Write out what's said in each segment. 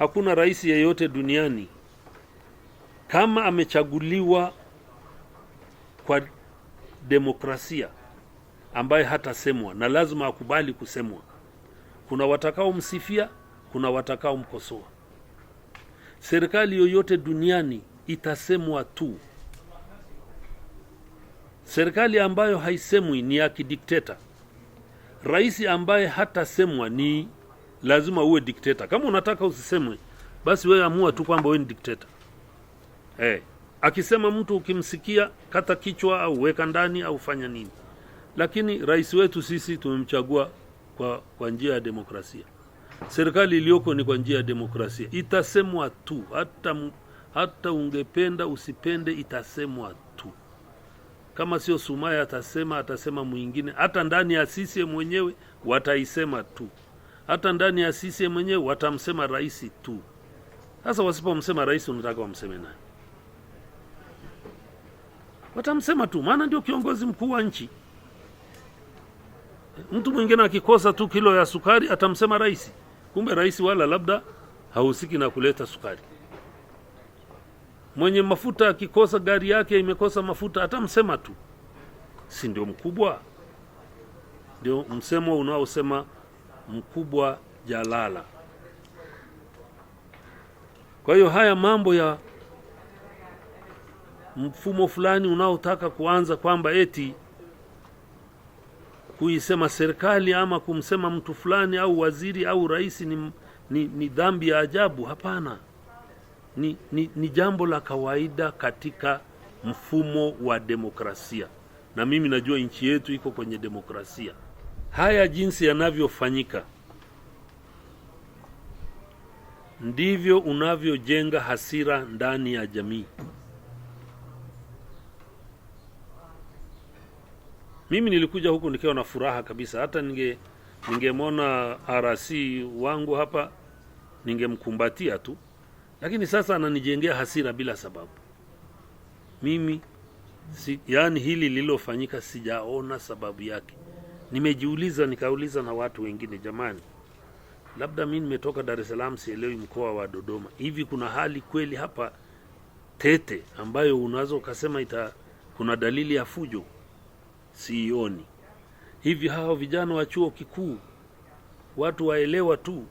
hakuna rais yeyote duniani kama amechaguliwa kwa demokrasia ambaye hatasemwa na lazima akubali kusemwa. Kuna watakaomsifia, kuna watakaomkosoa. Serikali yoyote duniani itasemwa tu. Serikali ambayo haisemwi ni ya kidikteta. Rais ambaye hatasemwa ni lazima uwe dikteta. Kama unataka usisemwe, basi wewe amua tu kwamba wewe ni dikteta. Hey, eh, akisema mtu ukimsikia, kata kichwa au weka ndani au fanya nini. Lakini rais wetu sisi tumemchagua kwa, kwa njia ya demokrasia. Serikali iliyoko ni kwa njia ya demokrasia, itasemwa tu hata, hata ungependa usipende, itasemwa tu. Kama sio Sumaya atasema, atasema mwingine, hata ndani ya CCM mwenyewe wataisema tu hata ndani ya CCM mwenyewe watamsema rais tu. Sasa wasipomsema rais, unataka wamseme nani? Watamsema tu, maana ndio kiongozi mkuu wa nchi. Mtu mwingine akikosa tu kilo ya sukari atamsema rais, kumbe rais wala labda hahusiki na kuleta sukari. Mwenye mafuta akikosa gari yake imekosa mafuta atamsema tu, si ndio mkubwa? Ndio msemo unaosema mkubwa Jalala. Kwa hiyo haya mambo ya mfumo fulani unaotaka kuanza kwamba eti kuisema serikali ama kumsema mtu fulani au waziri au rais ni, ni, ni dhambi ya ajabu. Hapana, ni, ni, ni jambo la kawaida katika mfumo wa demokrasia, na mimi najua nchi yetu iko kwenye demokrasia haya jinsi yanavyofanyika ndivyo unavyojenga hasira ndani ya jamii. Mimi nilikuja huku nikiwa na furaha kabisa, hata ninge ningemwona RC wangu hapa ningemkumbatia tu, lakini sasa ananijengea hasira bila sababu. Mimi si, yaani hili lililofanyika sijaona sababu yake. Nimejiuliza, nikauliza na watu wengine, jamani, labda mi nimetoka Dar es Salaam, sielewi mkoa wa Dodoma. Hivi kuna hali kweli hapa tete ambayo unaweza ukasema ita kuna dalili ya fujo? Sioni. Hivi hao vijana wa chuo kikuu watu waelewa tu,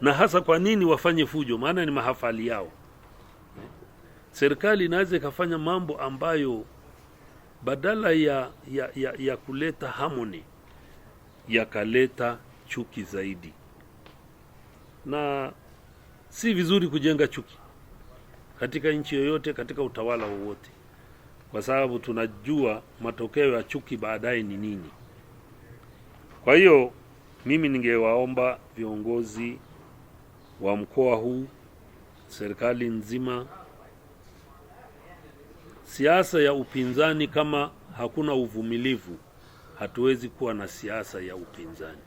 na hasa kwa nini wafanye fujo? Maana ni mahafali yao. Serikali inaweza ikafanya mambo ambayo badala ya, ya, ya, ya kuleta harmony yakaleta chuki zaidi, na si vizuri kujenga chuki katika nchi yoyote, katika utawala wowote, kwa sababu tunajua matokeo ya chuki baadaye ni nini. Kwa hiyo mimi ningewaomba viongozi wa mkoa huu, serikali nzima, siasa ya upinzani kama hakuna uvumilivu hatuwezi kuwa na siasa ya upinzani.